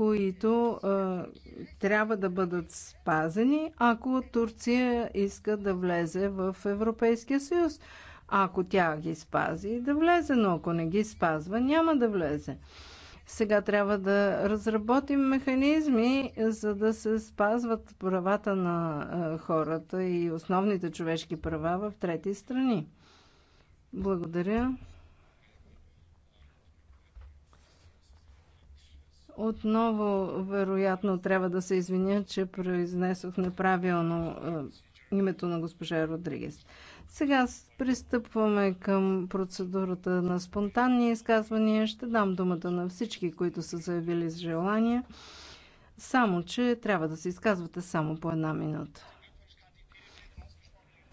които а, трябва да бъдат спазени, ако Турция иска да влезе в Европейския съюз. Ако тя ги спази, да влезе, но ако не ги спазва, няма да влезе. Сега трябва да разработим механизми, за да се спазват правата на хората и основните човешки права в трети страни. Благодаря. Отново, вероятно, трябва да се извиня, че произнесох неправилно е, името на госпожа Родригес. Сега пристъпваме към процедурата на спонтанни изказвания. Ще дам думата на всички, които са заявили с желание. Само, че трябва да се изказвате само по една минута.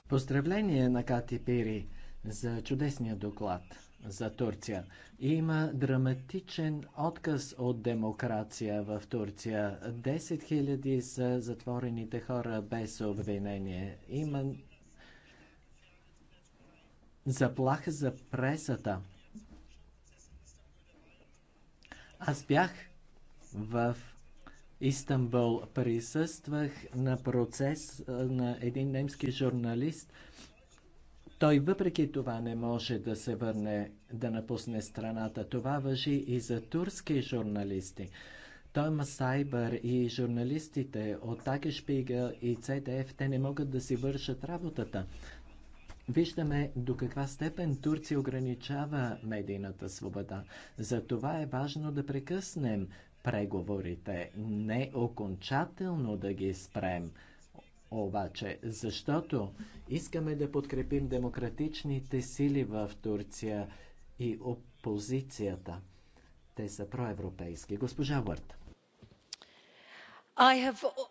Поздравление на Кати Пири за чудесния доклад за Турция. Има драматичен отказ от демокрация в Турция. 10 000 са затворените хора без обвинение. Има заплаха за пресата. Аз бях в Истанбул. Присъствах на процес на един немски журналист, той въпреки това не може да се върне, да напусне страната. Това въжи и за турски журналисти. Тома Сайбър и журналистите от Такешпига и ЦДФ, те не могат да си вършат работата. Виждаме до каква степен Турция ограничава медийната свобода. За това е важно да прекъснем преговорите, не окончателно да ги спрем обаче, защото искаме да подкрепим демократичните сили в Турция и опозицията. Те са проевропейски. Госпожа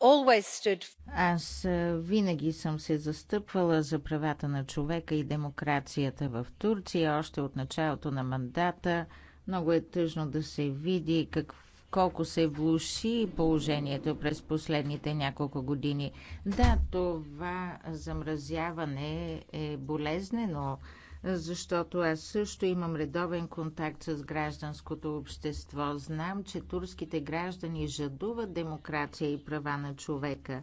always Stood... Аз е, винаги съм се застъпвала за правата на човека и демокрацията в Турция още от началото на мандата. Много е тъжно да се види какво колко се влуши положението през последните няколко години. Да, това замразяване е болезнено, защото аз също имам редовен контакт с гражданското общество. Знам, че турските граждани жадуват демокрация и права на човека.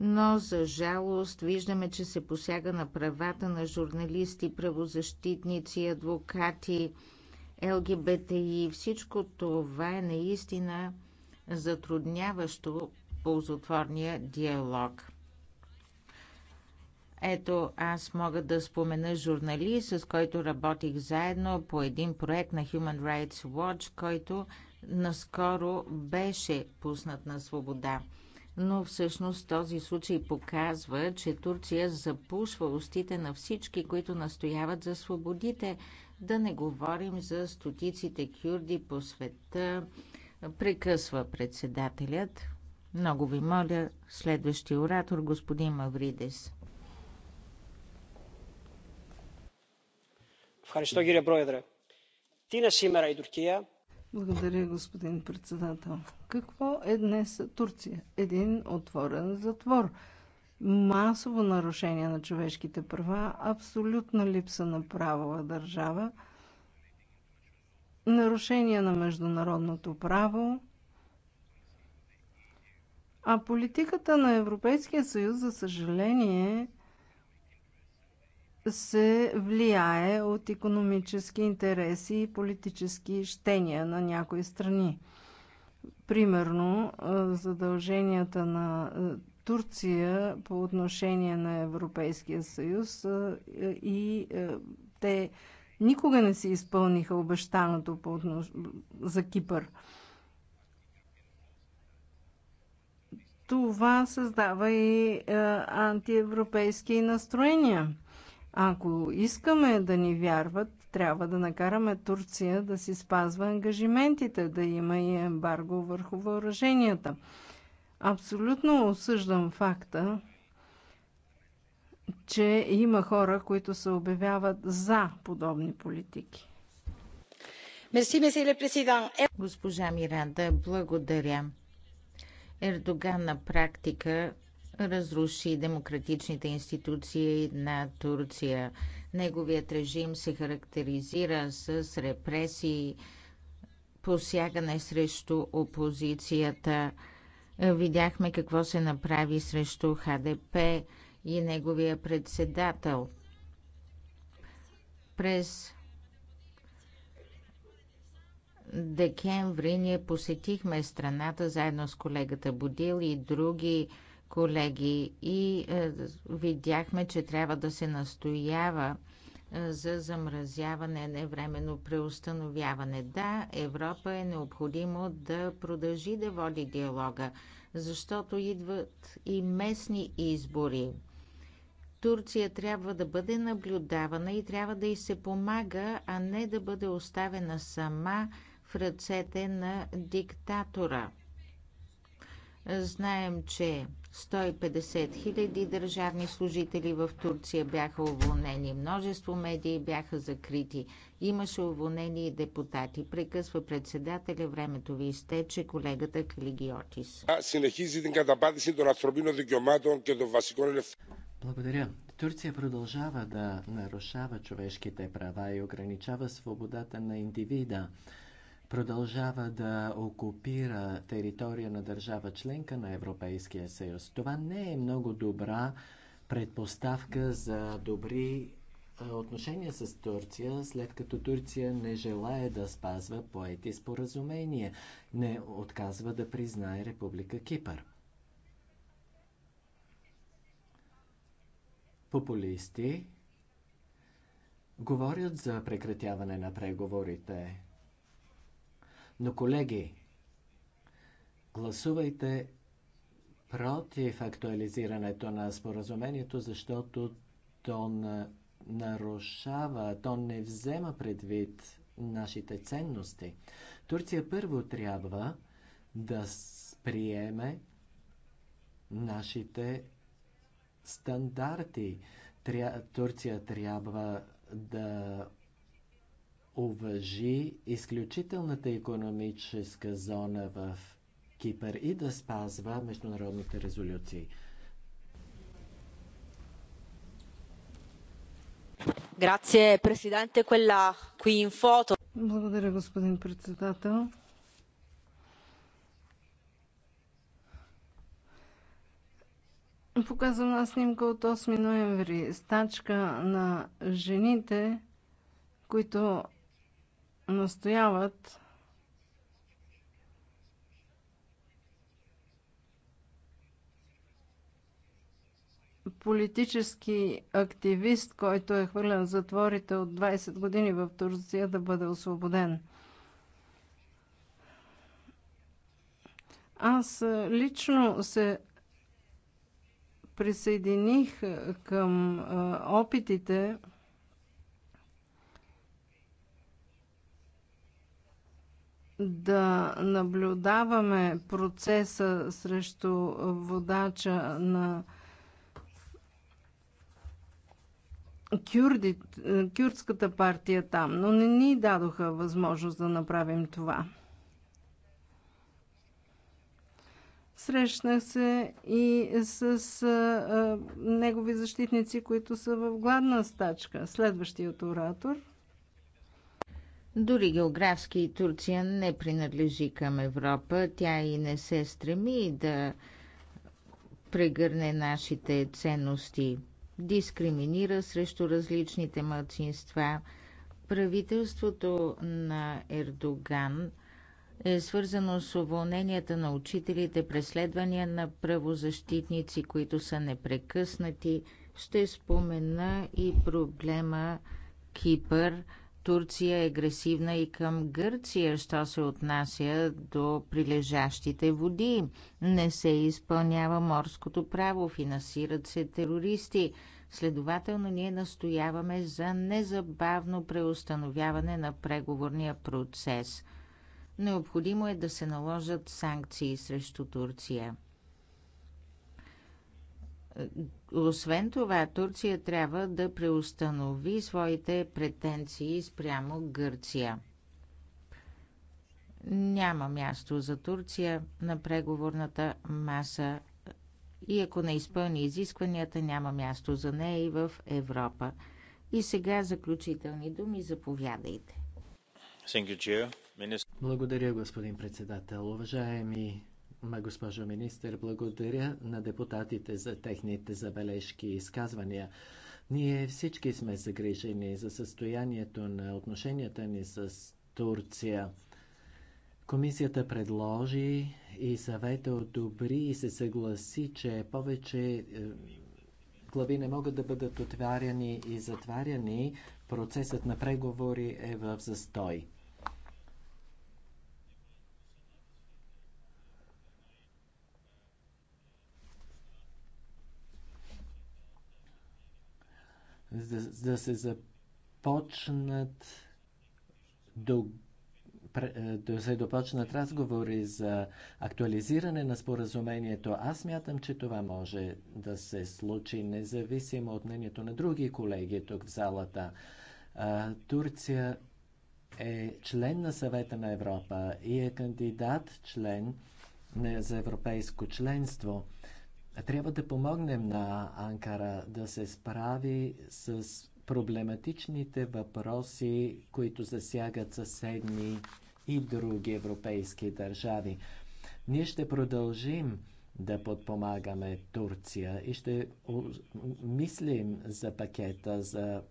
Но за жалост виждаме, че се посяга на правата на журналисти, правозащитници, адвокати, ЛГБТ и Всичко това е наистина затрудняващо ползотворния диалог. Ето, аз мога да спомена журналист, с който работих заедно по един проект на Human Rights Watch, който наскоро беше пуснат на свобода. Но всъщност този случай показва, че Турция запушва устите на всички, които настояват за свободите да не говорим за стотиците кюрди по света, прекъсва председателят. Много ви моля, следващия оратор, господин Мавридес. Благодаря, господин председател. Какво е днес Турция? Един отворен затвор масово нарушение на човешките права, абсолютна липса на правова държава, нарушение на международното право, а политиката на Европейския съюз, за съжаление, се влияе от економически интереси и политически щения на някои страни. Примерно, задълженията на Турция по отношение на Европейския съюз и те никога не си изпълниха обещаното по отнош... за Кипър. Това създава и антиевропейски настроения. Ако искаме да ни вярват, трябва да накараме Турция да си спазва ангажиментите, да има и ембарго върху въоръженията. Абсолютно осъждам факта, че има хора, които се обявяват за подобни политики. Е- Госпожа Миранда, благодаря. Ердоган на практика разруши демократичните институции на Турция. Неговият режим се характеризира с репресии, посягане срещу опозицията – Видяхме какво се направи срещу ХДП и неговия председател. През декември ние посетихме страната заедно с колегата Будил и други колеги и е, видяхме, че трябва да се настоява за замразяване, не временно преустановяване. Да, Европа е необходимо да продължи да води диалога, защото идват и местни избори. Турция трябва да бъде наблюдавана и трябва да й се помага, а не да бъде оставена сама в ръцете на диктатора. Знаем, че 150 хиляди държавни служители в Турция бяха уволнени, множество медии бяха закрити, имаше уволнени и депутати. Прекъсва председателя, времето ви изтече колегата Калигиотис. Благодаря. Турция продължава да нарушава човешките права и ограничава свободата на индивида продължава да окупира територия на държава членка на Европейския съюз. Това не е много добра предпоставка за добри отношения с Турция, след като Турция не желая да спазва поети споразумения, не отказва да признае Република Кипър. Популисти говорят за прекратяване на преговорите но, колеги, гласувайте против актуализирането на споразумението, защото то нарушава, то не взема предвид нашите ценности. Турция първо трябва да приеме нашите стандарти. Турция трябва да уважи изключителната економическа зона в Кипър и да спазва международните резолюции. Grazie Presidente, quella qui in foto. Благодаря, господин председател. на снимка от 8 ноември. Стачка на жените, които настояват политически активист, който е хвърлен в затворите от 20 години в Турция, да бъде освободен. Аз лично се присъединих към опитите да наблюдаваме процеса срещу водача на кюрди, кюрдската партия там, но не ни дадоха възможност да направим това. Срещнах се и с а, негови защитници, които са в гладна стачка. Следващият оратор – дори географски Турция не принадлежи към Европа. Тя и не се стреми да прегърне нашите ценности. Дискриминира срещу различните младсинства. Правителството на Ердоган е свързано с уволненията на учителите, преследвания на правозащитници, които са непрекъснати. Ще спомена и проблема Кипър – Турция е агресивна и към Гърция, що се отнася до прилежащите води. Не се изпълнява морското право, финансират се терористи. Следователно ние настояваме за незабавно преустановяване на преговорния процес. Необходимо е да се наложат санкции срещу Турция. Освен това, Турция трябва да преустанови своите претенции спрямо Гърция. Няма място за Турция на преговорната маса и ако не изпълни изискванията, няма място за нея и в Европа. И сега заключителни думи, заповядайте. Благодаря, господин председател. Уважаеми Ма, госпожо министър, благодаря на депутатите за техните забележки и изказвания. Ние всички сме загрижени за състоянието на отношенията ни с Турция. Комисията предложи и съвета одобри и се съгласи, че повече е, глави не могат да бъдат отваряни и затваряни. Процесът на преговори е в застой. за да се започнат до е, да се допочнат разговори за актуализиране на споразумението, аз мятам, че това може да се случи независимо от мнението на други колеги тук в залата. Турция е член на съвета на Европа и е кандидат член за европейско членство. Трябва да помогнем на Анкара да се справи с проблематичните въпроси, които засягат съседни и други европейски държави. Ние ще продължим да подпомагаме Турция и ще мислим за пакета за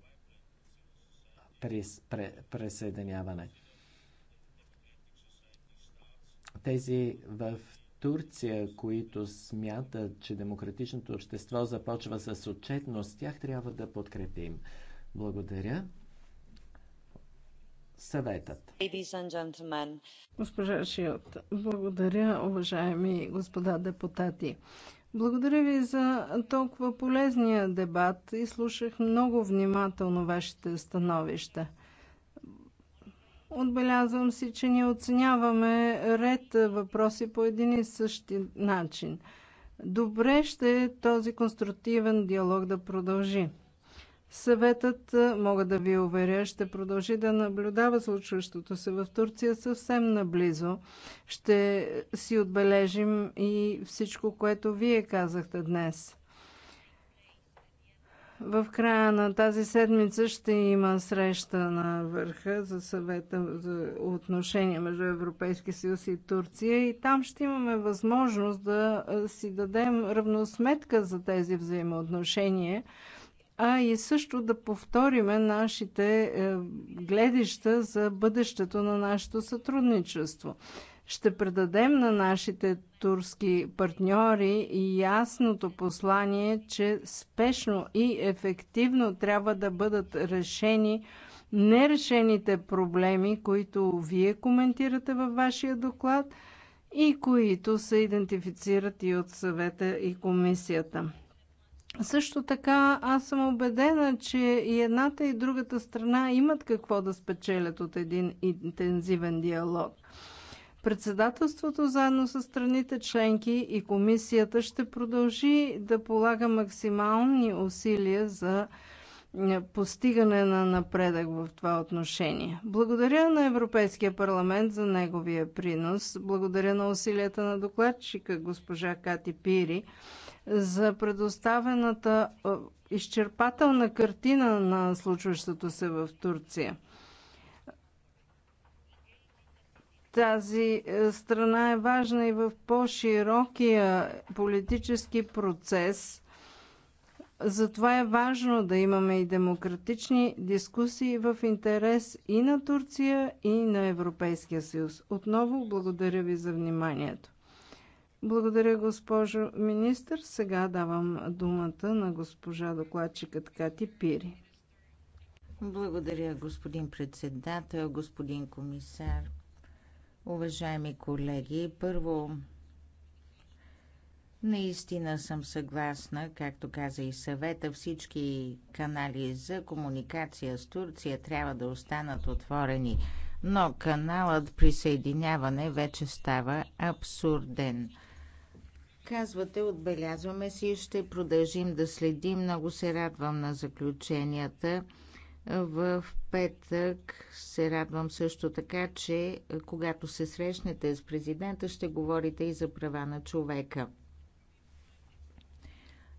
присъединяване. Тези в Турция, които смятат, че демократичното общество започва с отчетност, тях трябва да подкрепим. Благодаря. Съветът. Госпожа Шиот, благодаря, уважаеми господа депутати. Благодаря ви за толкова полезния дебат и слушах много внимателно вашите становища. Отбелязвам си, че ние оценяваме ред въпроси по един и същи начин. Добре ще е този конструктивен диалог да продължи. Съветът, мога да ви уверя, ще продължи да наблюдава случващото се в Турция съвсем наблизо. Ще си отбележим и всичко, което вие казахте днес. В края на тази седмица ще има среща на върха за съвета за отношения между Европейския съюз и Турция и там ще имаме възможност да си дадем равносметка за тези взаимоотношения, а и също да повториме нашите е, гледища за бъдещето на нашето сътрудничество ще предадем на нашите турски партньори и ясното послание, че спешно и ефективно трябва да бъдат решени нерешените проблеми, които вие коментирате във вашия доклад и които се идентифицират и от съвета и комисията. Също така аз съм убедена, че и едната и другата страна имат какво да спечелят от един интензивен диалог – Председателството заедно с страните членки и комисията ще продължи да полага максимални усилия за е, постигане на напредък в това отношение. Благодаря на Европейския парламент за неговия принос. Благодаря на усилията на докладчика госпожа Кати Пири за предоставената е, изчерпателна картина на случващото се в Турция. Тази е, страна е важна и в по-широкия политически процес. Затова е важно да имаме и демократични дискусии в интерес и на Турция, и на Европейския съюз. Отново благодаря ви за вниманието. Благодаря, госпожо министър. Сега давам думата на госпожа докладчика Кати Пири. Благодаря, господин председател, господин комисар. Уважаеми колеги, първо наистина съм съгласна, както каза и съвета, всички канали за комуникация с Турция трябва да останат отворени, но каналът присъединяване вече става абсурден. Казвате, отбелязваме си и ще продължим да следим. Много се радвам на заключенията в петък се радвам също така, че е, когато се срещнете с президента, ще говорите и за права на човека.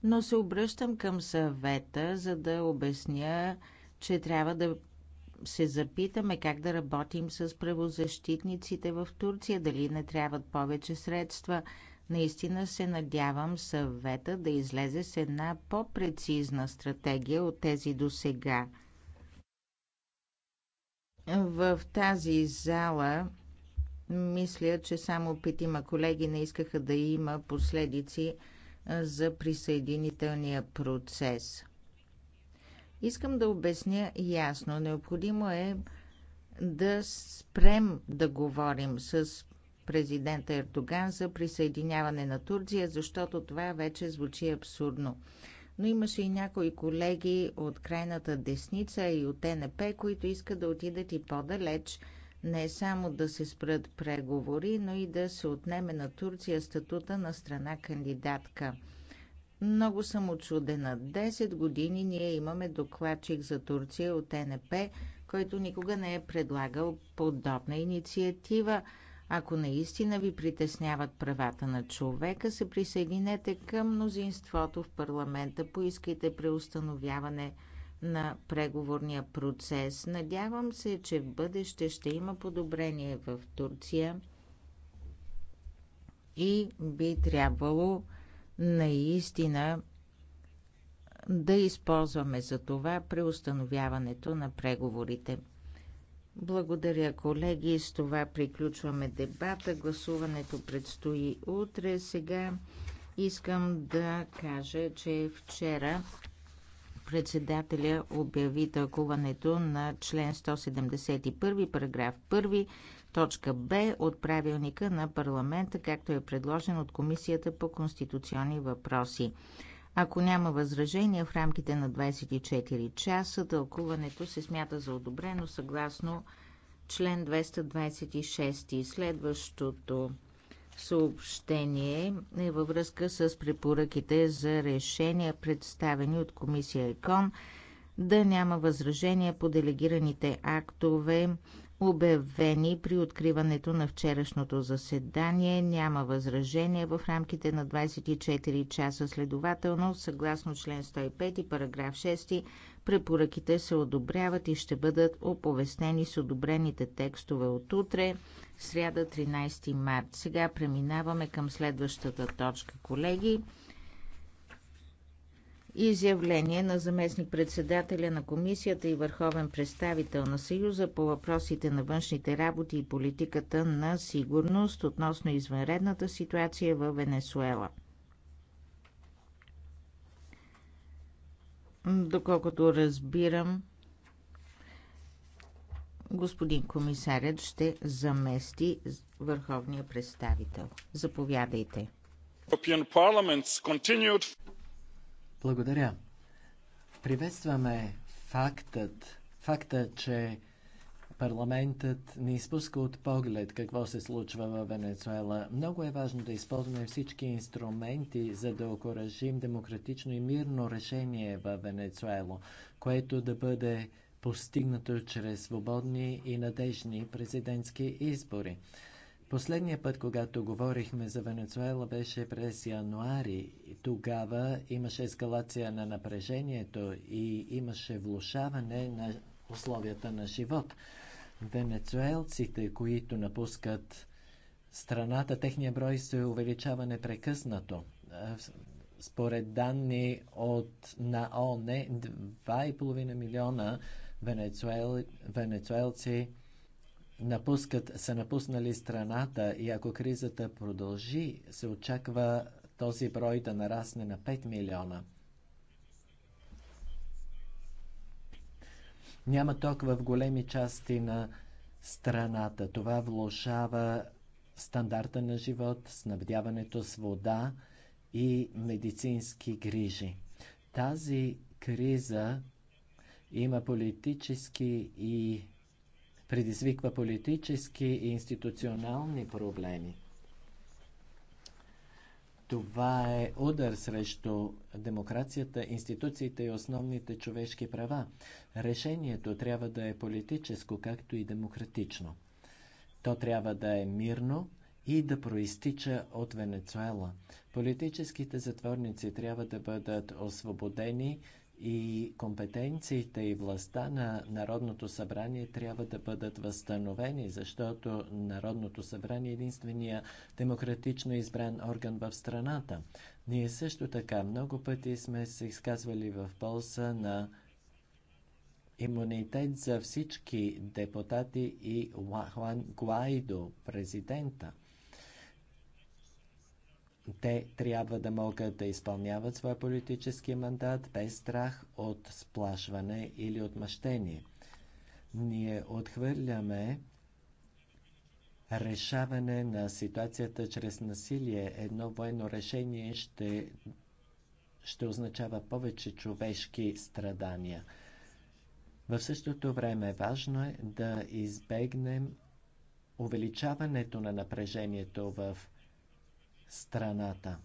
Но се обръщам към съвета, за да обясня, че трябва да се запитаме как да работим с правозащитниците в Турция, дали не трябват повече средства. Наистина се надявам съвета да излезе с една по-прецизна стратегия от тези до сега. В тази зала мисля, че само петима колеги не искаха да има последици за присъединителния процес. Искам да обясня ясно. Необходимо е да спрем да говорим с президента Ердоган за присъединяване на Турция, защото това вече звучи абсурдно но имаше и някои колеги от крайната десница и от НП, които искат да отидат и по-далеч, не само да се спрат преговори, но и да се отнеме на Турция статута на страна кандидатка. Много съм очудена. 10 години ние имаме докладчик за Турция от НП, който никога не е предлагал подобна инициатива. Ако наистина ви притесняват правата на човека, се присъединете към мнозинството в парламента, поискайте преустановяване на преговорния процес. Надявам се, че в бъдеще ще има подобрение в Турция и би трябвало наистина да използваме за това преустановяването на преговорите. Благодаря, колеги. С това приключваме дебата. Гласуването предстои утре. Сега искам да кажа, че вчера председателя обяви тълкуването на член 171, параграф 1, точка Б от правилника на парламента, както е предложен от Комисията по конституционни въпроси. Ако няма възражения в рамките на 24 часа, тълкуването се смята за одобрено съгласно член 226. И следващото съобщение е във връзка с препоръките за решения, представени от комисия ЕКОН, да няма възражения по делегираните актове обявени при откриването на вчерашното заседание. Няма възражение в рамките на 24 часа. Следователно, съгласно член 105 и параграф 6, препоръките се одобряват и ще бъдат оповестени с одобрените текстове от утре, сряда 13 март. Сега преминаваме към следващата точка, колеги изявление на заместник-председателя на комисията и върховен представител на Съюза по въпросите на външните работи и политиката на сигурност относно извънредната ситуация във Венесуела. Доколкото разбирам, господин комисарят ще замести върховния представител. Заповядайте. Благодаря. Приветстваме фактът, факта, че парламентът не изпуска от поглед какво се случва в Венецуела. Много е важно да използваме всички инструменти, за да окоръжим демократично и мирно решение в Венецуела, което да бъде постигнато чрез свободни и надежни президентски избори. Последния път, когато говорихме за Венецуела, беше през януари. Тогава имаше ескалация на напрежението и имаше влушаване на условията на живот. Венецуелците, които напускат страната, техния брой се увеличава непрекъснато. Според данни от на ОНЕ, 2,5 милиона венецуел, венецуелци напускат, са напуснали страната и ако кризата продължи, се очаква този брой да нарасне на 5 милиона. Няма ток в големи части на страната. Това влошава стандарта на живот, снабдяването с вода и медицински грижи. Тази криза има политически и предизвиква политически и институционални проблеми. Това е удар срещу демокрацията, институциите и основните човешки права. Решението трябва да е политическо, както и демократично. То трябва да е мирно и да проистича от Венецуела. Политическите затворници трябва да бъдат освободени и компетенциите и властта на Народното събрание трябва да бъдат възстановени, защото Народното събрание е единствения демократично избран орган в страната. Ние също така много пъти сме се изказвали в полза на имунитет за всички депутати и Хуан Гуайдо, президента – те трябва да могат да изпълняват своя политически мандат без страх от сплашване или отмъщение. Ние отхвърляме решаване на ситуацията чрез насилие. Едно военно решение ще, ще означава повече човешки страдания. В същото време важно е да избегнем увеличаването на напрежението в страната.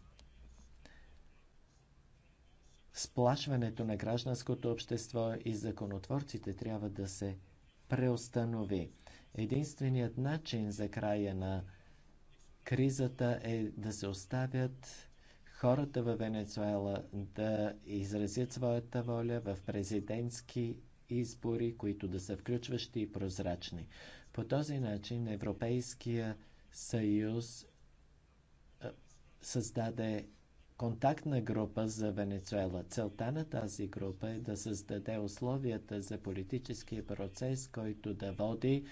Сплашването на гражданското общество и законотворците трябва да се преустанови. Единственият начин за края на кризата е да се оставят хората в Венецуела да изразят своята воля в президентски избори, които да са включващи и прозрачни. По този начин Европейския съюз създаде контактна група за Венецуела. Целта на тази група е да създаде условията за политическия процес, който да води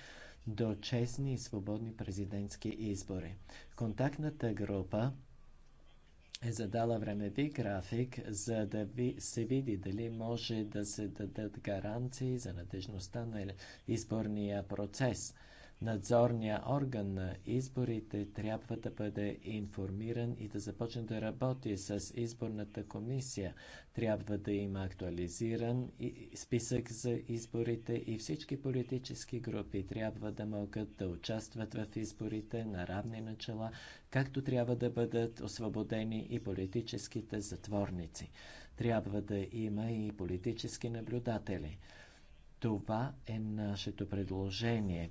до честни и свободни президентски избори. Контактната група е задала времеви график, за да ви се види дали може да се дадат гаранции за надежността на изборния процес – надзорният орган на изборите трябва да бъде информиран и да започне да работи с изборната комисия. Трябва да има актуализиран списък за изборите и всички политически групи трябва да могат да участват в изборите на равни начала, както трябва да бъдат освободени и политическите затворници. Трябва да има и политически наблюдатели. Това е нашето предложение.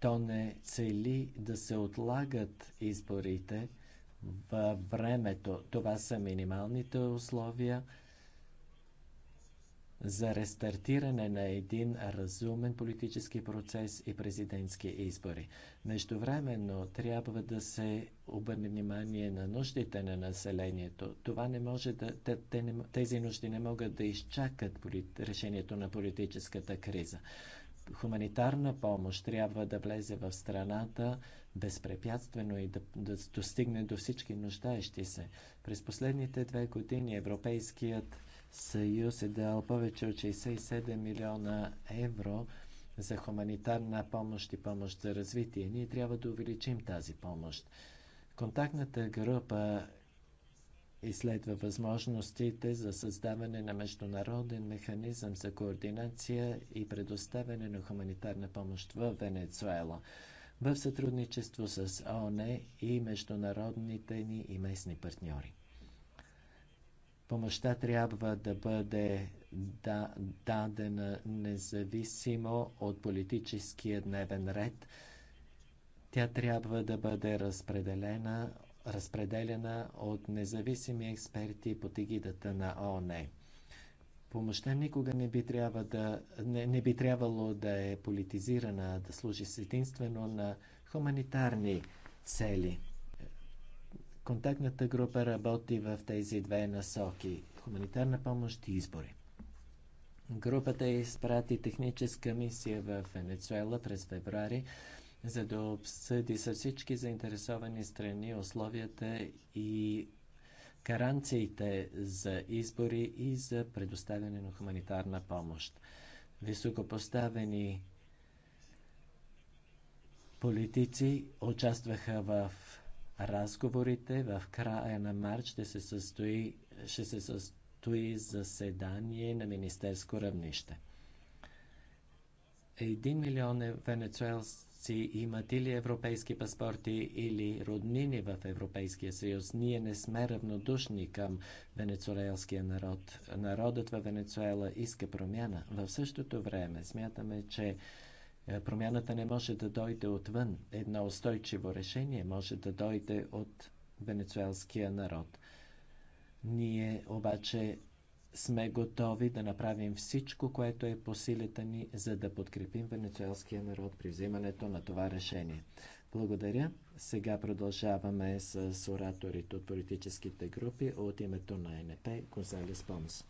То не цели да се отлагат изборите във времето. Това са минималните условия за рестартиране на един разумен политически процес и президентски избори. Междувременно трябва да се обърне внимание на нуждите на населението. Това не може да, тези нужди не могат да изчакат решението на политическата криза хуманитарна помощ трябва да влезе в страната безпрепятствено и да, да достигне до всички нуждаещи се. През последните две години Европейският съюз е дал повече от 67 милиона евро за хуманитарна помощ и помощ за развитие. Ние трябва да увеличим тази помощ. Контактната група изследва възможностите за създаване на международен механизъм за координация и предоставяне на хуманитарна помощ в Венецуела в сътрудничество с ООН и международните ни и местни партньори. Помощта трябва да бъде да, дадена независимо от политическия дневен ред. Тя трябва да бъде разпределена разпределена от независими експерти под егидата на ООН. Помощта никога не би, трябва да, не, не би трябвало да е политизирана, да служи единствено на хуманитарни цели. Контактната група работи в тези две насоки хуманитарна помощ и избори. Групата е изпрати техническа мисия в Венецуела през февруари за да обсъди с всички заинтересовани страни условията и гаранциите за избори и за предоставяне на хуманитарна помощ. Високопоставени политици участваха в разговорите. В края на март ще се състои, ще се състои заседание на министерско равнище. Един милион е венецуелски търговци имат или европейски паспорти, или роднини в Европейския съюз. Ние не сме равнодушни към венецуелския народ. Народът във Венецуела иска промяна. В същото време смятаме, че е, промяната не може да дойде отвън. Едно устойчиво решение може да дойде от венецуелския народ. Ние обаче сме готови да направим всичко, което е по силите ни, за да подкрепим венецуелския народ при взимането на това решение. Благодаря. Сега продължаваме с ораторите от политическите групи от името на НП Гонзалес Понс.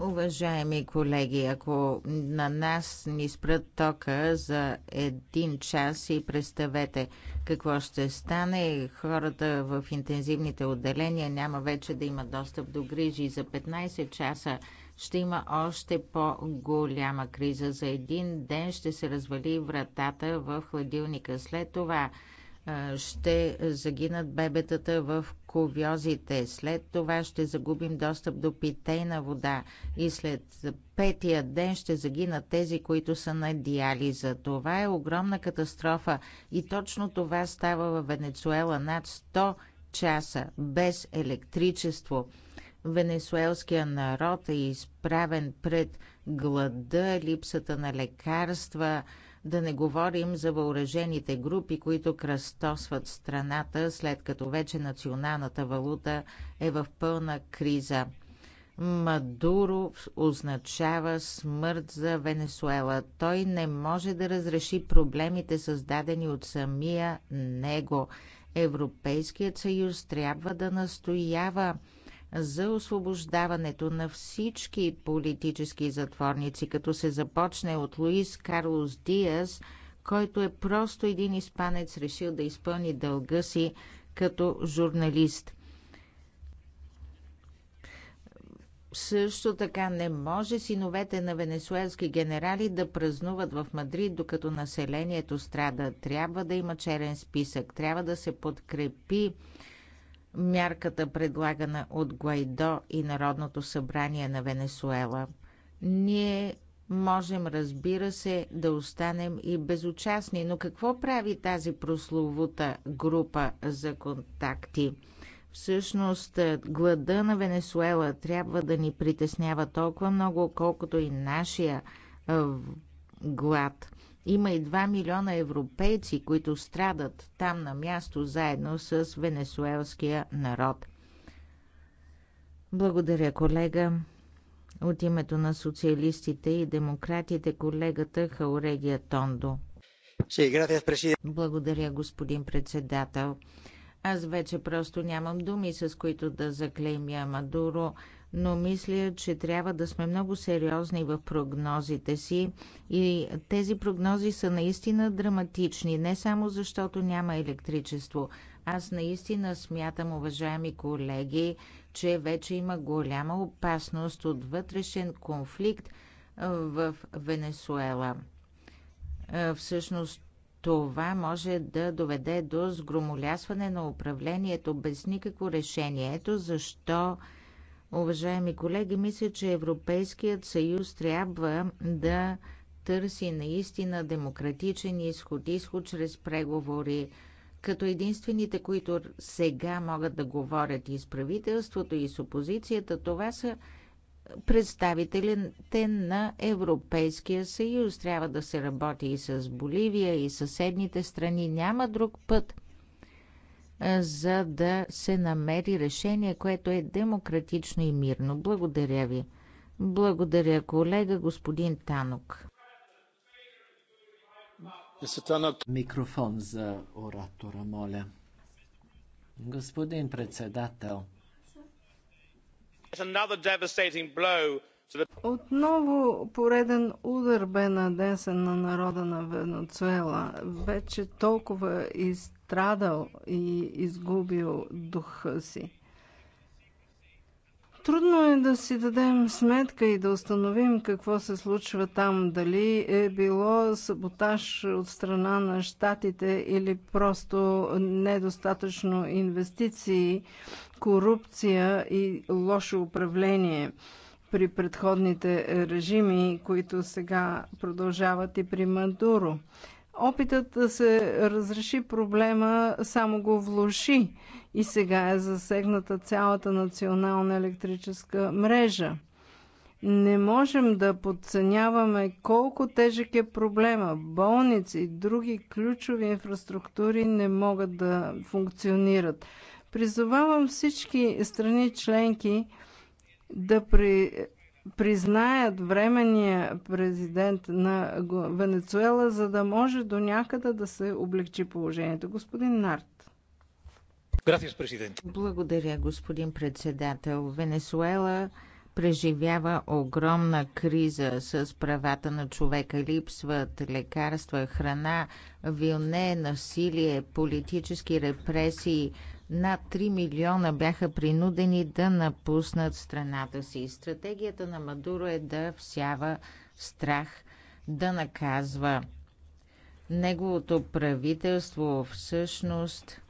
Уважаеми колеги, ако на нас ни спрат тока за един час и представете какво ще стане, хората в интензивните отделения няма вече да има достъп до грижи. За 15 часа ще има още по-голяма криза. За един ден ще се развали вратата в хладилника. След това ще загинат бебетата в ковьозите. След това ще загубим достъп до питейна вода и след петия ден ще загинат тези, които са на диализа. Това е огромна катастрофа и точно това става в Венецуела над 100 часа без електричество. Венесуелския народ е изправен пред глада, липсата на лекарства, да не говорим за въоръжените групи, които кръстосват страната, след като вече националната валута е в пълна криза. Мадуро означава смърт за Венесуела. Той не може да разреши проблемите, създадени от самия него. Европейският съюз трябва да настоява за освобождаването на всички политически затворници, като се започне от Луис Карлос Диас, който е просто един испанец, решил да изпълни дълга си като журналист. Също така не може синовете на венесуелски генерали да празнуват в Мадрид, докато населението страда. Трябва да има черен списък, трябва да се подкрепи мярката предлагана от Гуайдо и Народното събрание на Венесуела. Ние можем, разбира се, да останем и безучастни, но какво прави тази прословута група за контакти? Всъщност, глада на Венесуела трябва да ни притеснява толкова много, колкото и нашия глад. Има и 2 милиона европейци, които страдат там на място заедно с венесуелския народ. Благодаря, колега. От името на социалистите и демократите колегата Хаурегия Тондо. Благодаря, господин председател. Аз вече просто нямам думи, с които да заклеймя Мадуро но мисля, че трябва да сме много сериозни в прогнозите си и тези прогнози са наистина драматични, не само защото няма електричество. Аз наистина смятам, уважаеми колеги, че вече има голяма опасност от вътрешен конфликт в Венесуела. Всъщност това може да доведе до сгромолясване на управлението без никакво решение. Ето защо Уважаеми колеги, мисля, че Европейският съюз трябва да търси наистина демократичен изход, изход чрез преговори, като единствените, които сега могат да говорят и с правителството, и с опозицията, това са представителите на Европейския съюз. Трябва да се работи и с Боливия, и съседните страни. Няма друг път за да се намери решение, което е демократично и мирно. Благодаря ви. Благодаря, колега господин Танок. Микрофон за оратора, моля. Господин председател, отново пореден удар бе нанесен на народа на Венецуела. Вече толкова из пострадал и изгубил духа си. Трудно е да си дадем сметка и да установим какво се случва там. Дали е било саботаж от страна на щатите или просто недостатъчно инвестиции, корупция и лошо управление при предходните режими, които сега продължават и при Мадуро. Опитът да се разреши проблема само го влуши и сега е засегната цялата национална електрическа мрежа. Не можем да подценяваме колко тежък е проблема. Болници и други ключови инфраструктури не могат да функционират. Призовавам всички страни членки да при признаят временния президент на Венецуела, за да може до някъде да се облегчи положението. Господин Нарт. Благодаря, господин председател. Венесуела преживява огромна криза с правата на човека. Липсват лекарства, храна, вилне, насилие, политически репресии. Над 3 милиона бяха принудени да напуснат страната си. Стратегията на Мадуро е да всява страх, да наказва. Неговото правителство всъщност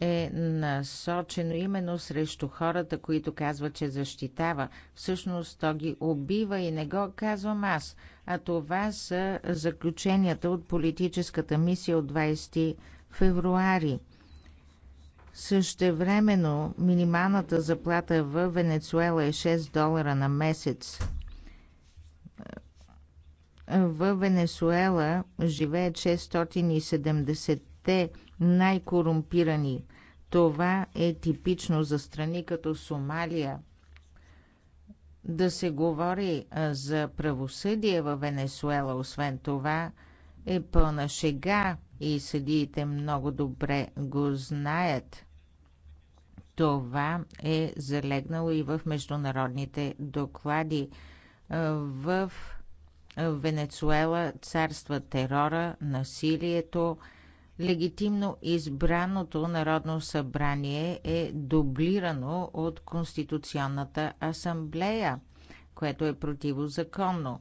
е насочено именно срещу хората, които казват, че защитава. Всъщност то ги убива и не го казвам аз. А това са заключенията от политическата мисия от 20 февруари. Същевременно минималната заплата в Венецуела е 6 долара на месец. В Венесуела живеят 670-те най-корумпирани. Това е типично за страни като Сомалия. Да се говори за правосъдие в Венесуела, освен това, е пълна шега и съдиите много добре го знаят – това е залегнало и в международните доклади. В Венецуела царства терора, насилието. Легитимно избраното Народно събрание е дублирано от Конституционната асамблея, което е противозаконно.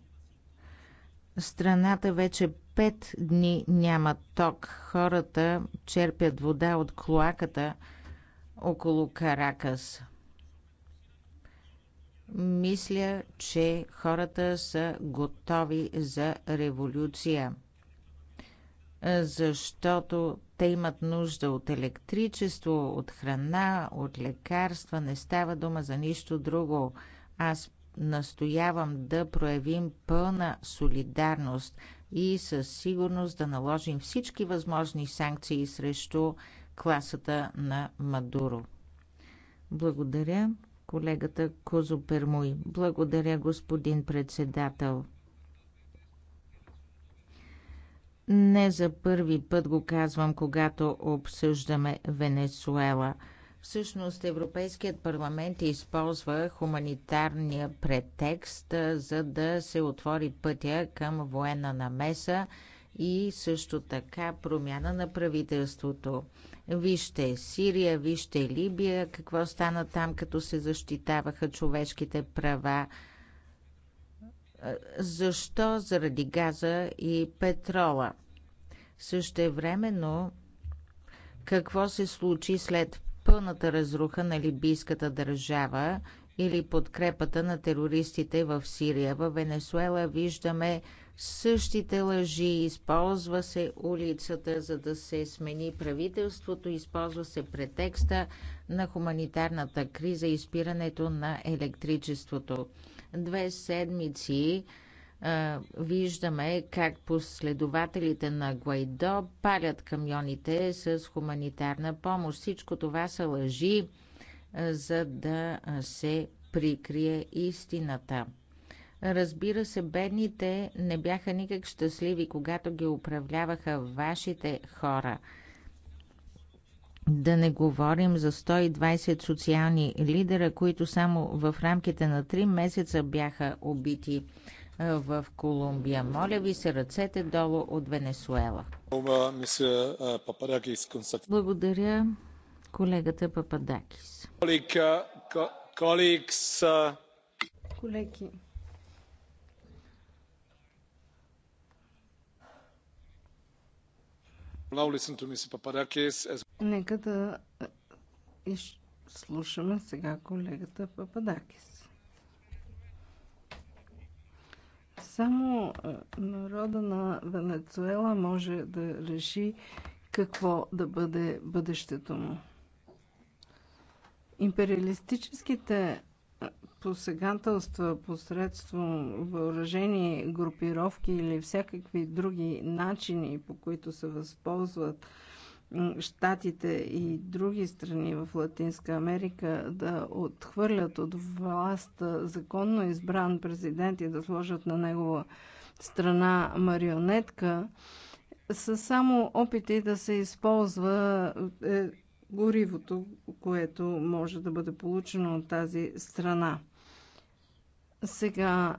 Страната вече пет дни няма ток. Хората черпят вода от клоаката – около Каракас. Мисля, че хората са готови за революция, защото те имат нужда от електричество, от храна, от лекарства. Не става дума за нищо друго. Аз настоявам да проявим пълна солидарност и със сигурност да наложим всички възможни санкции срещу класата на Мадуро. Благодаря колегата Козо Пермуй. Благодаря, господин председател. Не за първи път го казвам, когато обсъждаме Венесуела. Всъщност Европейският парламент използва хуманитарния претекст, за да се отвори пътя към военна намеса и също така промяна на правителството. Вижте Сирия, вижте Либия, какво стана там, като се защитаваха човешките права. Защо? Заради газа и петрола. Същевременно, какво се случи след пълната разруха на либийската държава или подкрепата на терористите в Сирия? В Венесуела виждаме същите лъжи, използва се улицата, за да се смени правителството, използва се претекста на хуманитарната криза и спирането на електричеството. Две седмици а, виждаме как последователите на Гуайдо палят камионите с хуманитарна помощ. Всичко това са лъжи, а, за да се прикрие истината. Разбира се, бедните не бяха никак щастливи, когато ги управляваха вашите хора. Да не говорим за 120 социални лидера, които само в рамките на 3 месеца бяха убити в Колумбия. Моля ви се, ръцете долу от Венесуела. Благодаря, колегата Пападакис. Колеги, Нека да е, изслушаме сега колегата Пападакис. Само е, народа на Венецуела може да реши какво да бъде бъдещето му. Империалистическите посегателства посредством въоръжени групировки или всякакви други начини, по които се възползват щатите и други страни в Латинска Америка да отхвърлят от власт законно избран президент и да сложат на негова страна марионетка, са само опити да се използва е, горивото, което може да бъде получено от тази страна сега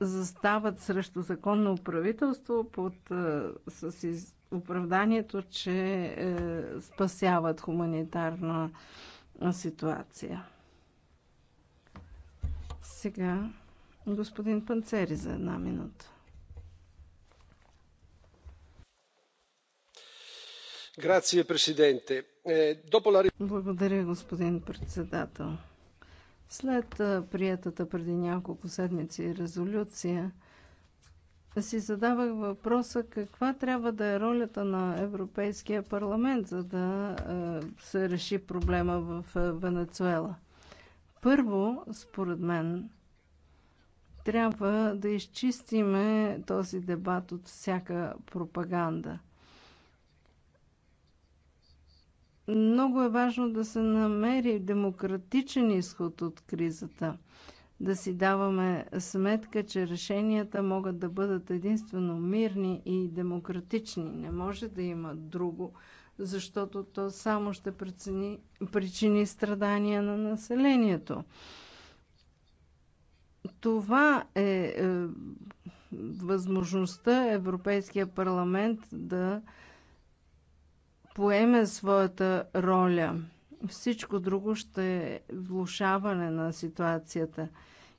застават срещу законно правителство под, е, с из, оправданието, че е, спасяват хуманитарна ситуация. Сега господин Панцери за една минута. Е, Благодаря, господин председател. След приятата преди няколко седмици резолюция, си задавах въпроса каква трябва да е ролята на Европейския парламент, за да се реши проблема в Венецуела. Първо, според мен, трябва да изчистиме този дебат от всяка пропаганда – Много е важно да се намери демократичен изход от кризата. Да си даваме сметка, че решенията могат да бъдат единствено мирни и демократични. Не може да има друго, защото то само ще причини, причини страдания на населението. Това е, е възможността Европейския парламент да е, поеме своята роля. Всичко друго ще е влушаване на ситуацията.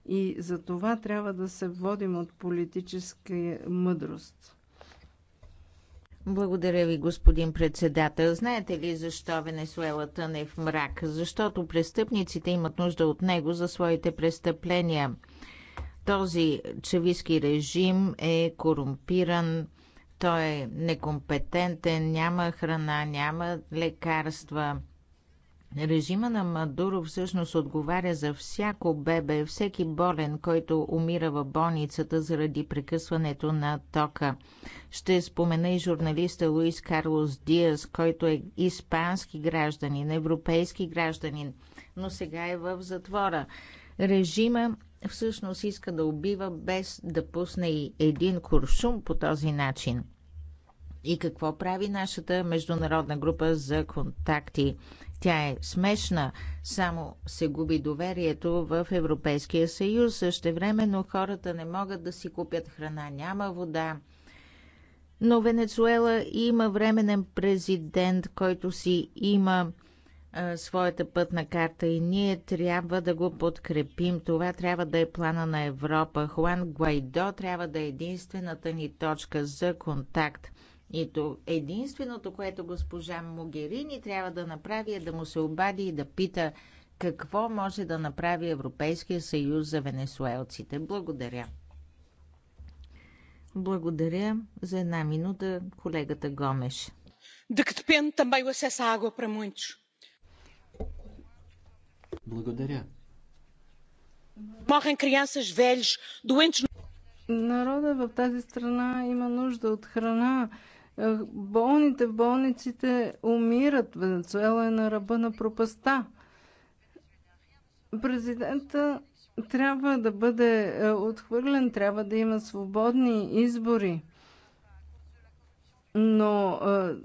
И за това трябва да се водим от политическа мъдрост. Благодаря ви, господин председател. Знаете ли защо Венесуела тъне е в мрак? Защото престъпниците имат нужда от него за своите престъпления. Този чевиски режим е корумпиран, той е некомпетентен, няма храна, няма лекарства. Режима на Мадуро всъщност отговаря за всяко бебе, всеки болен, който умира в болницата заради прекъсването на тока. Ще спомена и журналиста Луис Карлос Диас, който е испански гражданин, европейски гражданин, но сега е в затвора. Режима всъщност иска да убива без да пусне и един куршум по този начин. И какво прави нашата международна група за контакти? Тя е смешна, само се губи доверието в Европейския съюз. но хората не могат да си купят храна, няма вода. Но Венецуела има временен президент, който си има своята пътна карта и ние трябва да го подкрепим. Това трябва да е плана на Европа. Хуан Гуайдо трябва да е единствената ни точка за контакт. И то единственото, което госпожа Могерини трябва да направи е да му се обади и да пита какво може да направи Европейския съюз за венесуелците. Благодаря. Благодаря за една минута колегата Гомеш. Дъкът пиен, também o се à água благодаря. Morrem Народа в тази страна има нужда от храна. Е, болните в болниците умират. Венецуела е на ръба на пропаста. Президента трябва да бъде е, отхвърлен, трябва да има свободни избори. Но е,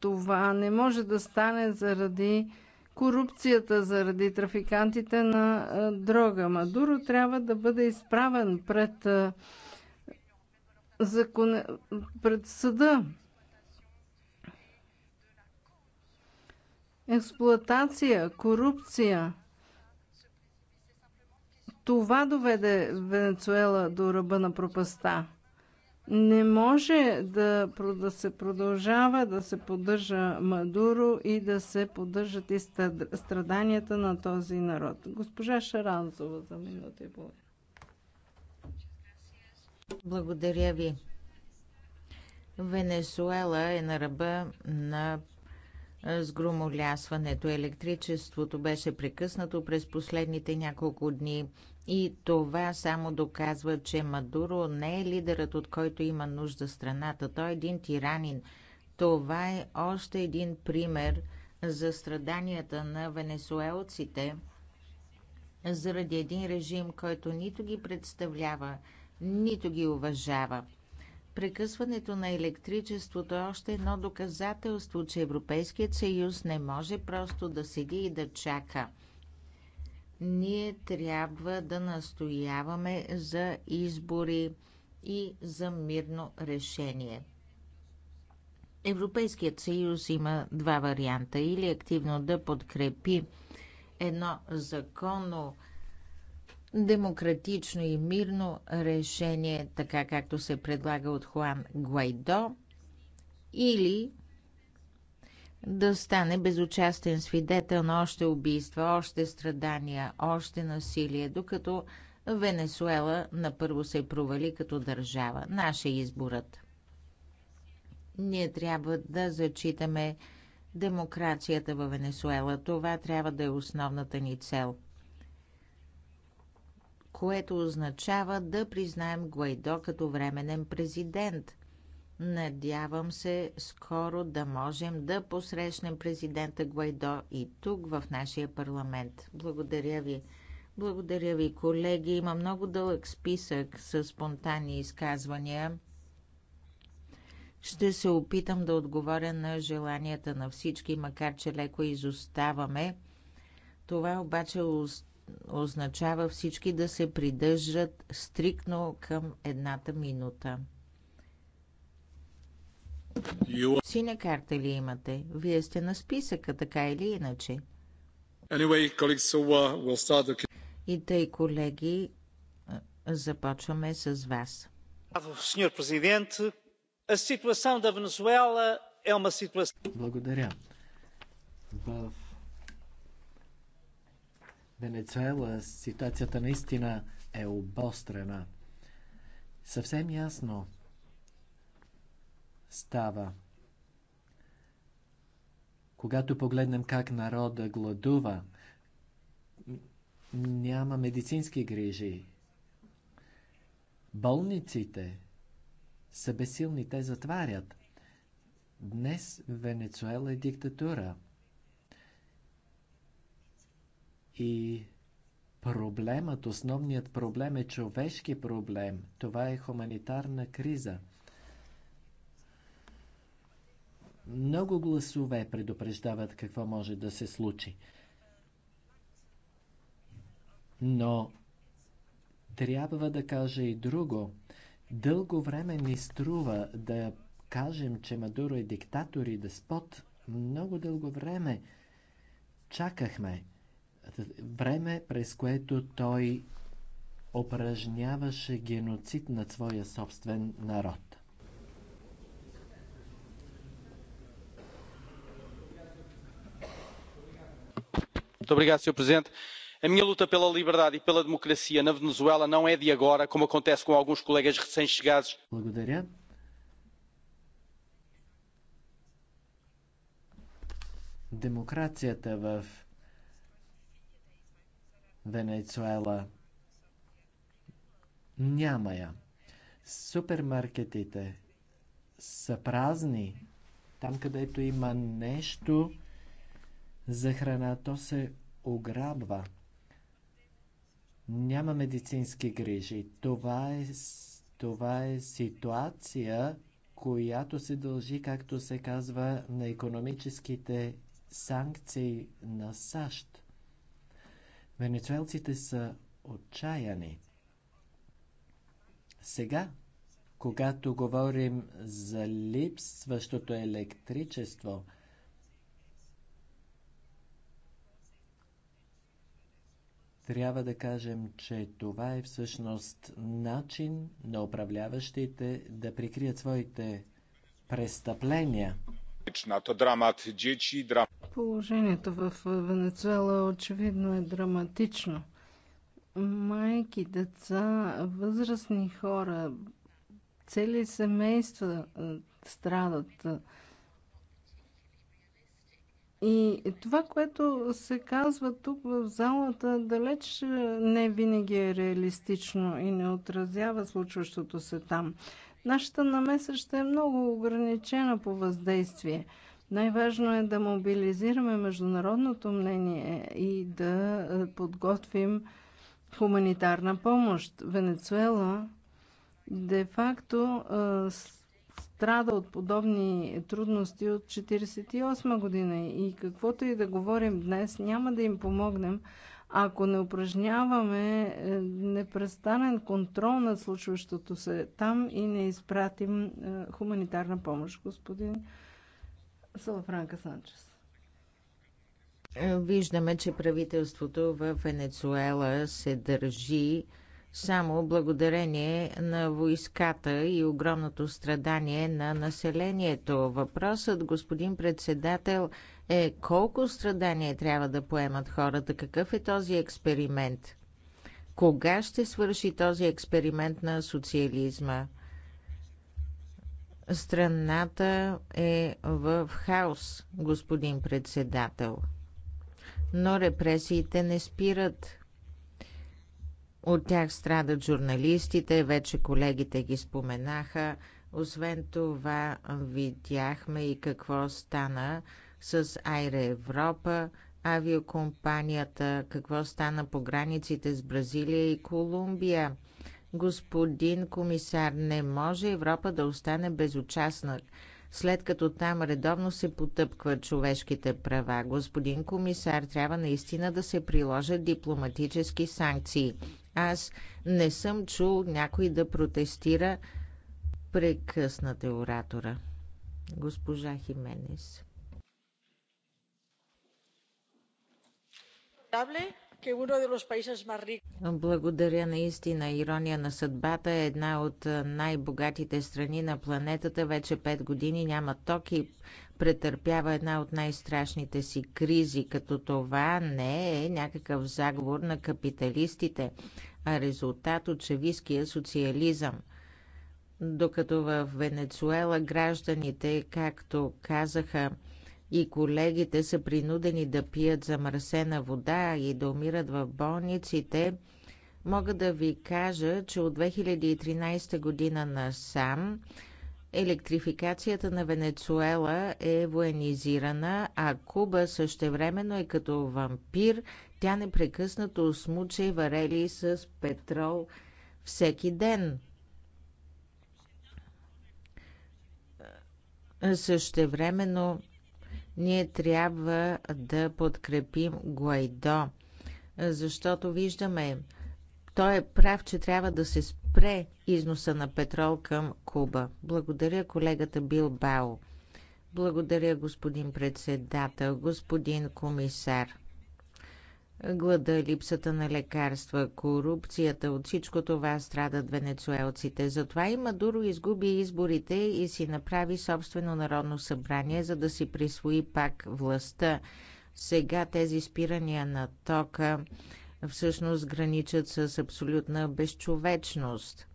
това не може да стане заради корупцията заради трафикантите на дрога. Мадуро трябва да бъде изправен пред, закон... пред съда. Експлоатация, корупция. Това доведе Венецуела до ръба на пропаста. Не може да, да се продължава да се поддържа Мадуро и да се поддържат и страданията на този народ. Госпожа Шаранзова за минута и половина. Благодаря ви. Венесуела е на ръба на с громолясването. Електричеството беше прекъснато през последните няколко дни и това само доказва, че Мадуро не е лидерът, от който има нужда страната. Той е един тиранин. Това е още един пример за страданията на венесуелците заради един режим, който нито ги представлява, нито ги уважава. Прекъсването на електричеството е още едно доказателство, че Европейският съюз не може просто да седи и да чака. Ние трябва да настояваме за избори и за мирно решение. Европейският съюз има два варианта или активно да подкрепи едно законно демократично и мирно решение, така както се предлага от Хуан Гуайдо, или да стане безучастен свидетел на още убийства, още страдания, още насилие, докато Венесуела напърво се провали като държава. Наш е изборът. Ние трябва да зачитаме демокрацията във Венесуела. Това трябва да е основната ни цел – което означава да признаем Гуайдо като временен президент. Надявам се скоро да можем да посрещнем президента Гуайдо и тук в нашия парламент. Благодаря ви. Благодаря ви, колеги. Има много дълъг списък с спонтанни изказвания. Ще се опитам да отговоря на желанията на всички, макар че леко изоставаме. Това обаче означава всички да се придържат стриктно към едната минута. Синя карта ли имате? Вие сте на списъка, така или иначе. Anyway, colleagues, so uh, we'll start the... И тъй, колеги, е, започваме с вас. Сеньор президент, ситуацията на Венесуела е ситуация. Благодаря. В Венецуела ситуацията наистина е обострена. Съвсем ясно става. Когато погледнем как народа гладува, няма медицински грижи. Болниците са безсилни, те затварят. Днес Венецуела е диктатура – И проблемът, основният проблем е човешки проблем. Това е хуманитарна криза. Много гласове предупреждават какво може да се случи. Но трябва да кажа и друго. Дълго време ни струва да кажем, че Мадуро е диктатор и деспот. Много дълго време чакахме време, през което той упражняваше геноцид над своя собствен народ. senhor presidente a minha luta pela liberdade e pela democracia na venezuela não é de agora como acontece com alguns colegas recém chegados. Демокрацията в Венецуела. Няма я. Супермаркетите са празни. Там, където има нещо за храна, то се ограбва. Няма медицински грижи. Това е, това е ситуация, която се дължи, както се казва, на економическите санкции на САЩ. Венецуелците са отчаяни. Сега, когато говорим за липсващото електричество, трябва да кажем, че това е всъщност начин на управляващите да прикрият своите престъпления. To dramat dzieci, Положението в Венецуела очевидно е драматично. Майки, деца, възрастни хора, цели семейства страдат. И това, което се казва тук в залата, далеч не винаги е реалистично и не отразява случващото се там. Нашата намеса ще е много ограничена по въздействие – най-важно е да мобилизираме международното мнение и да е, подготвим хуманитарна помощ. Венецуела де-факто е, страда от подобни трудности от 1948 година и каквото и да говорим днес, няма да им помогнем, ако не упражняваме е, непрестанен контрол над случващото се там и не изпратим хуманитарна помощ, господин Франка Санчес. Е, виждаме, че правителството в Венецуела се държи само благодарение на войската и огромното страдание на населението. Въпросът, господин председател, е колко страдание трябва да поемат хората? Какъв е този експеримент? Кога ще свърши този експеримент на социализма? Страната е в хаос, господин председател. Но репресиите не спират. От тях страдат журналистите, вече колегите ги споменаха. Освен това, видяхме и какво стана с Айра Европа, авиокомпанията, какво стана по границите с Бразилия и Колумбия. Господин комисар, не може Европа да остане безучастна, след като там редовно се потъпкват човешките права. Господин комисар, трябва наистина да се приложат дипломатически санкции. Аз не съм чул някой да протестира. Прекъснате оратора. Госпожа Хименес. добре. Благодаря наистина. Ирония на съдбата е една от най-богатите страни на планетата. Вече 5 години няма ток и претърпява една от най-страшните си кризи, като това не е някакъв заговор на капиталистите, а резултат от чевиския социализъм. Докато в Венецуела гражданите, както казаха, и колегите са принудени да пият замърсена вода и да умират в болниците, мога да ви кажа, че от 2013 година насам електрификацията на Венецуела е военизирана, а Куба същевременно е като вампир. Тя непрекъснато и варели с петрол всеки ден. Същевременно ние трябва да подкрепим Гуайдо, защото виждаме, той е прав, че трябва да се спре износа на петрол към Куба. Благодаря колегата Бил Бао. Благодаря господин председател, господин комисар глада, липсата на лекарства, корупцията, от всичко това страдат венецуелците. Затова и Мадуро изгуби изборите и си направи собствено народно събрание, за да си присвои пак властта. Сега тези спирания на тока всъщност граничат с абсолютна безчовечност.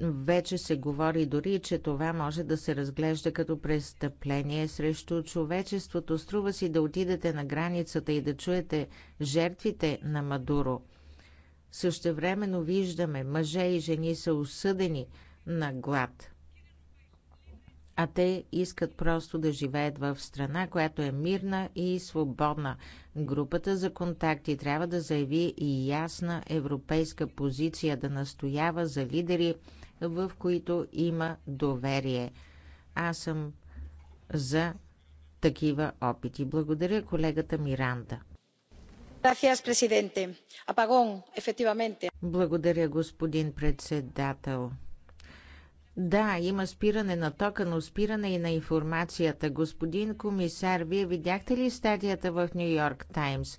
Вече се говори дори, че това може да се разглежда като престъпление срещу човечеството. Струва си да отидете на границата и да чуете жертвите на Мадуро. Същевременно виждаме, мъже и жени са осъдени на глад. А те искат просто да живеят в страна, която е мирна и свободна. Групата за контакти трябва да заяви и ясна европейска позиция, да настоява за лидери, в които има доверие. Аз съм за такива опити. Благодаря колегата Миранда. Благодаря, господин председател. Да, има спиране на тока, но спиране и на информацията. Господин комисар, вие видяхте ли статията в Нью Йорк Таймс?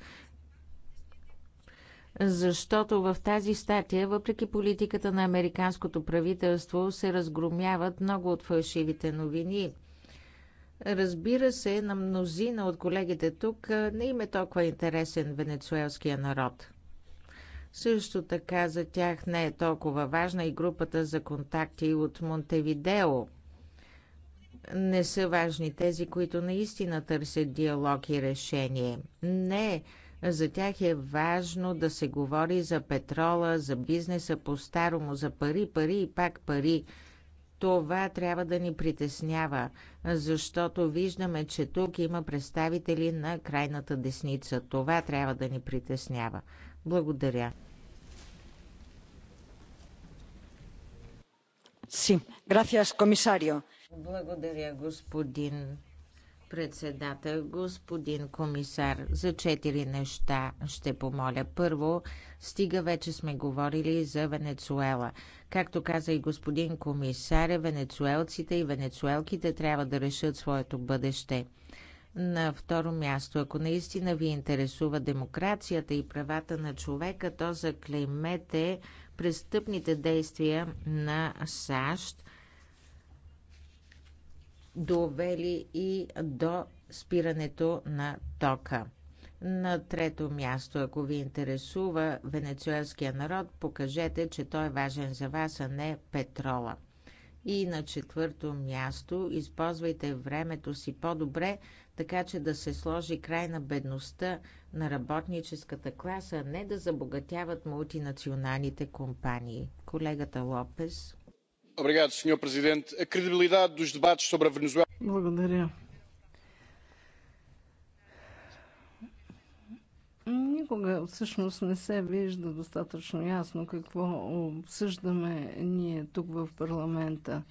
защото в тази статия, въпреки политиката на американското правителство, се разгромяват много от фалшивите новини. Разбира се, на мнозина от колегите тук не им е толкова интересен венецуелския народ. Също така за тях не е толкова важна и групата за контакти от Монтевидео. Не са важни тези, които наистина търсят диалог и решение. Не, за тях е важно да се говори за петрола, за бизнеса по-старому, за пари, пари и пак пари. Това трябва да ни притеснява, защото виждаме, че тук има представители на крайната десница. Това трябва да ни притеснява. Благодаря. Sí. Gracias, Благодаря, господин председател, господин комисар, за четири неща ще помоля. Първо, стига вече сме говорили за Венецуела. Както каза и господин комисар, венецуелците и венецуелките трябва да решат своето бъдеще. На второ място, ако наистина ви интересува демокрацията и правата на човека, то заклеймете престъпните действия на САЩ – довели и до спирането на тока. На трето място, ако ви интересува венецуелския народ, покажете, че той е важен за вас, а не петрола. И на четвърто място, използвайте времето си по-добре, така че да се сложи край на бедността на работническата класа, а не да забогатяват мултинационалните компании. Колегата Лопес señor presidente debates sobre venezuela. Благодаря. Никога всъщност не се вижда достатъчно ясно какво обсъждаме ние тук в парламента.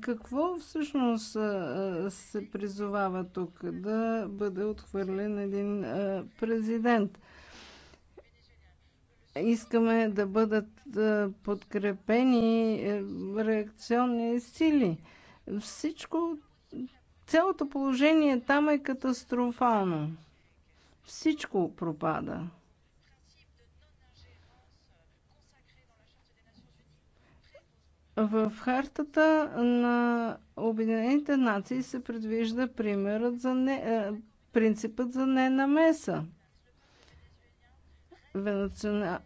Какво всъщност се призовава тук? Да бъде отхвърлен един президент искаме да бъдат подкрепени е, реакционни сили. Всичко, цялото положение там е катастрофално. Всичко пропада. В хартата на Обединените нации се предвижда примерът за не, е, принципът за ненамеса. Венецуела...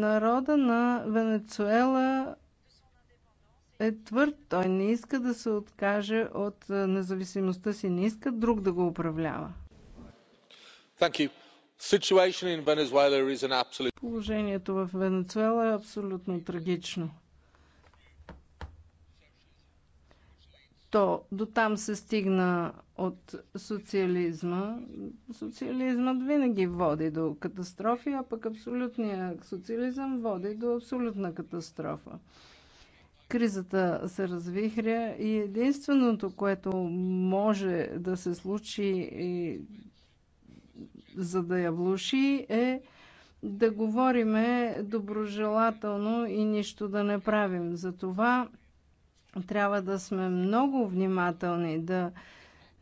Народа на Венецуела е твърд. Той не иска да се откаже от независимостта си, не иска друг да го управлява. Absolute... Положението в Венецуела е абсолютно трагично. то до там се стигна от социализма. Социализмът винаги води до катастрофи, а пък абсолютният социализъм води до абсолютна катастрофа. Кризата се развихря и единственото, което може да се случи и за да я влуши е да говориме доброжелателно и нищо да не правим. Затова трябва да сме много внимателни, да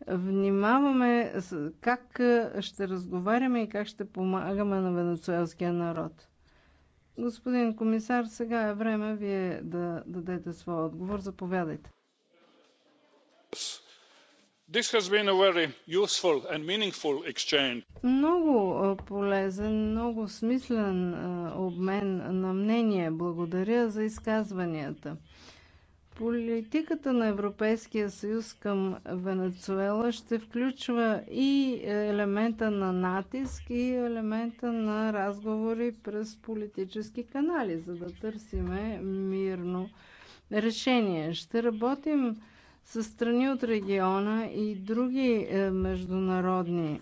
внимаваме как е, ще разговаряме и как ще помагаме на венецуелския народ. Господин комисар, сега е време вие да дадете своя отговор. Заповядайте. This has been a very useful and meaningful exchange. Много е, полезен, много смислен е, обмен на мнение. Благодаря за изказванията. Политиката на Европейския съюз към Венецуела ще включва и елемента на натиск, и елемента на разговори през политически канали, за да търсиме мирно решение. Ще работим с страни от региона и други е, международни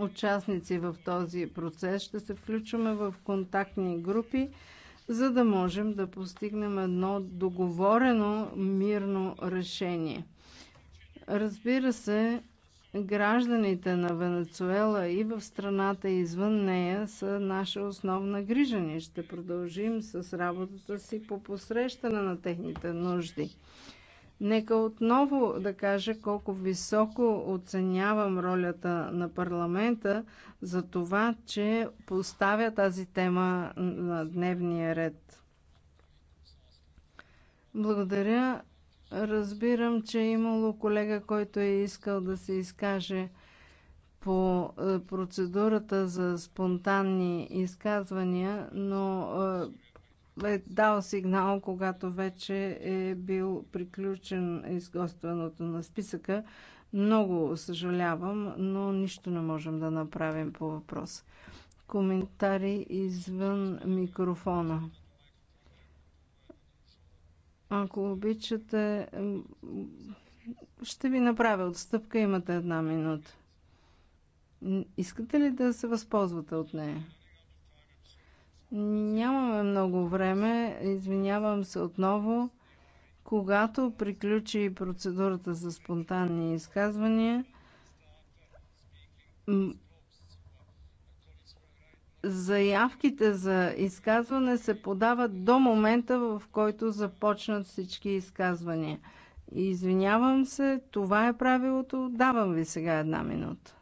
участници в този процес. Ще се включваме в контактни групи за да можем да постигнем едно договорено мирно решение. Разбира се, гражданите на Венецуела и в страната и извън нея са наша основна грижа. Ние ще продължим с работата си по посрещане на техните нужди. Нека отново да кажа колко високо оценявам ролята на парламента за това, че поставя тази тема на дневния ред. Благодаря. Разбирам, че е имало колега, който е искал да се изкаже по е, процедурата за спонтанни изказвания, но е, е дал сигнал, когато вече е бил приключен изготвянето на списъка. Много съжалявам, но нищо не можем да направим по въпрос. Коментари извън микрофона. Ако обичате, ще ви направя отстъпка. Имате една минута. Искате ли да се възползвате от нея? Нямаме много време. Извинявам се отново. Когато приключи процедурата за спонтанни изказвания, заявките за изказване се подават до момента, в който започнат всички изказвания. Извинявам се, това е правилото. Давам ви сега една минута.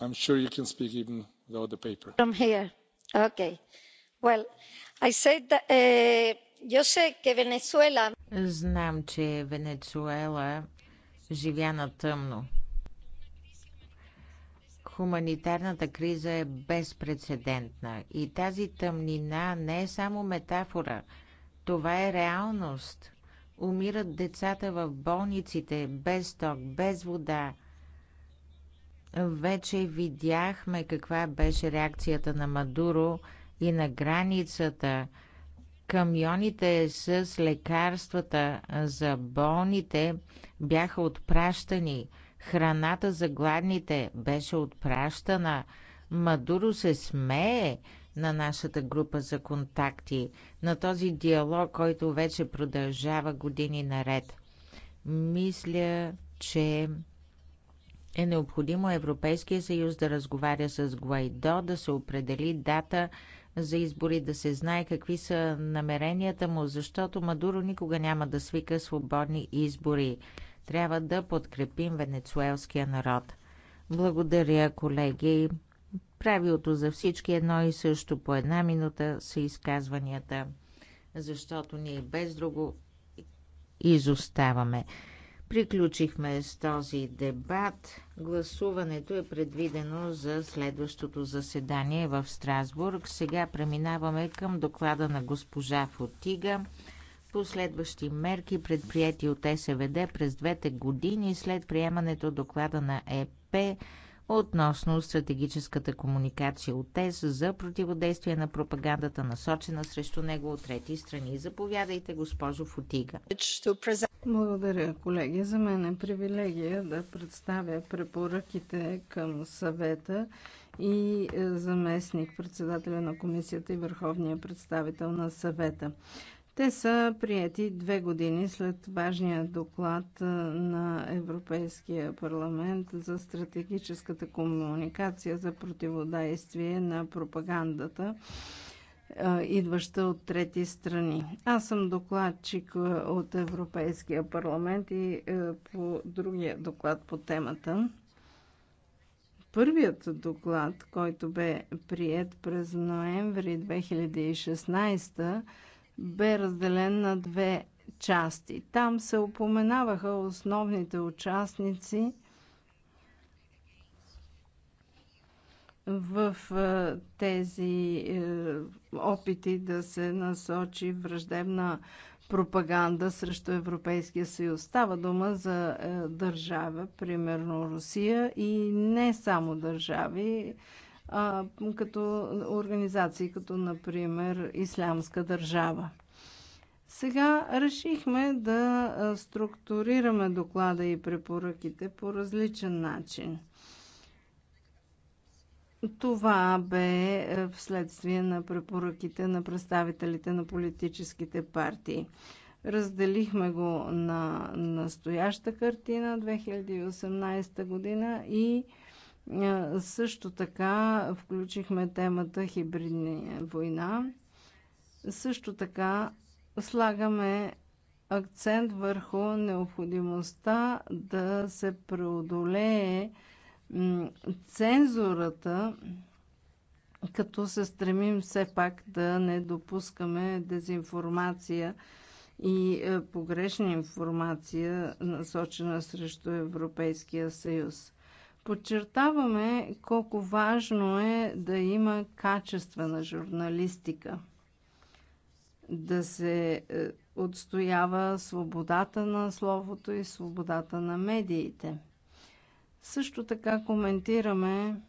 I'm sure you can speak even without the paper. From here. Eh, Знам, че Венецуела живя на тъмно. Хуманитарната криза е безпредседентна и тази тъмнина не е само метафора. Това е реалност. Умират децата в болниците без ток, без вода. Вече видяхме каква беше реакцията на Мадуро и на границата. Камионите с лекарствата за болните бяха отпращани. Храната за гладните беше отпращана. Мадуро се смее на нашата група за контакти, на този диалог, който вече продължава години наред. Мисля, че е необходимо Европейския съюз да разговаря с Гуайдо, да се определи дата за избори, да се знае какви са намеренията му, защото Мадуро никога няма да свика свободни избори. Трябва да подкрепим венецуелския народ. Благодаря, колеги. Правилото за всички едно и също по една минута са изказванията, защото ние без друго изоставаме. Приключихме с този дебат. Гласуването е предвидено за следващото заседание в Страсбург. Сега преминаваме към доклада на госпожа Фотига. Последващи мерки, предприяти от СВД през двете години след приемането доклада на ЕП относно стратегическата комуникация от ТЕС за противодействие на пропагандата, насочена срещу него от трети страни. Заповядайте, госпожо Футига. Благодаря, колеги. За мен е привилегия да представя препоръките към съвета и е, заместник председателя на комисията и върховния представител на съвета. Те са прияти две години след важния доклад на Европейския парламент за стратегическата комуникация за противодействие на пропагандата, идваща от трети страни. Аз съм докладчик от Европейския парламент и по другия доклад по темата. Първият доклад, който бе прият през ноември 2016 бе разделен на две части. Там се упоменаваха основните участници в е, тези е, опити да се насочи враждебна пропаганда срещу Европейския съюз. Става дума за е, държава, примерно Русия и не само държави, а, като организации, като например Ислямска държава. Сега решихме да структурираме доклада и препоръките по различен начин. Това бе е, вследствие на препоръките на представителите на политическите партии. Разделихме го на настояща картина 2018 година и също така включихме темата хибридни война. Също така слагаме акцент върху необходимостта да се преодолее цензурата, като се стремим все пак да не допускаме дезинформация и е, погрешна информация, насочена срещу Европейския съюз. Подчертаваме колко важно е да има качествена журналистика, да се е, отстоява свободата на словото и свободата на медиите. Също така коментираме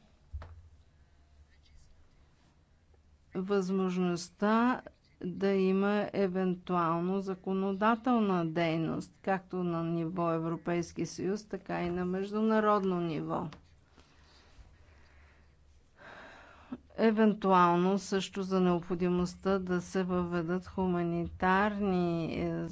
възможността да има евентуално законодателна дейност, както на ниво Европейски съюз, така и на международно ниво. Евентуално също за необходимостта да се въведат хуманитарни е,